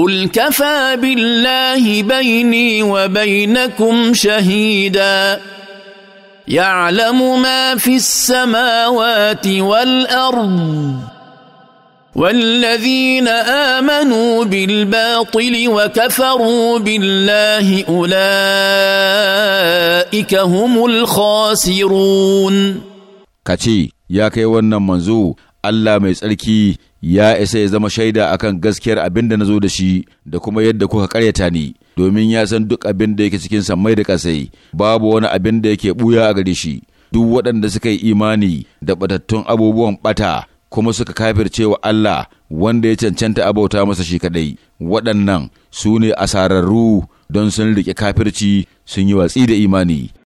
قل كفى بالله بيني وبينكم شهيدا يعلم ما في السماوات والارض والذين امنوا بالباطل وكفروا بالله اولئك هم الخاسرون كتي يا كي ونن منزو Allah mai tsarki ya isa ya zama shaida akan gaskiyar abin da na zo da shi da kuma yadda kuka karyata ni, domin ya san duk abin da yake cikin sammai da kasai babu wani abin da yake ɓuya a gare shi. Duk waɗanda suka yi imani da batattun abubuwan bata kuma suka kafirce wa Allah wanda ya cancanta abauta masa shi kaɗai, waɗannan su ne asararru don sun riƙe kafirci sun yi watsi da imani.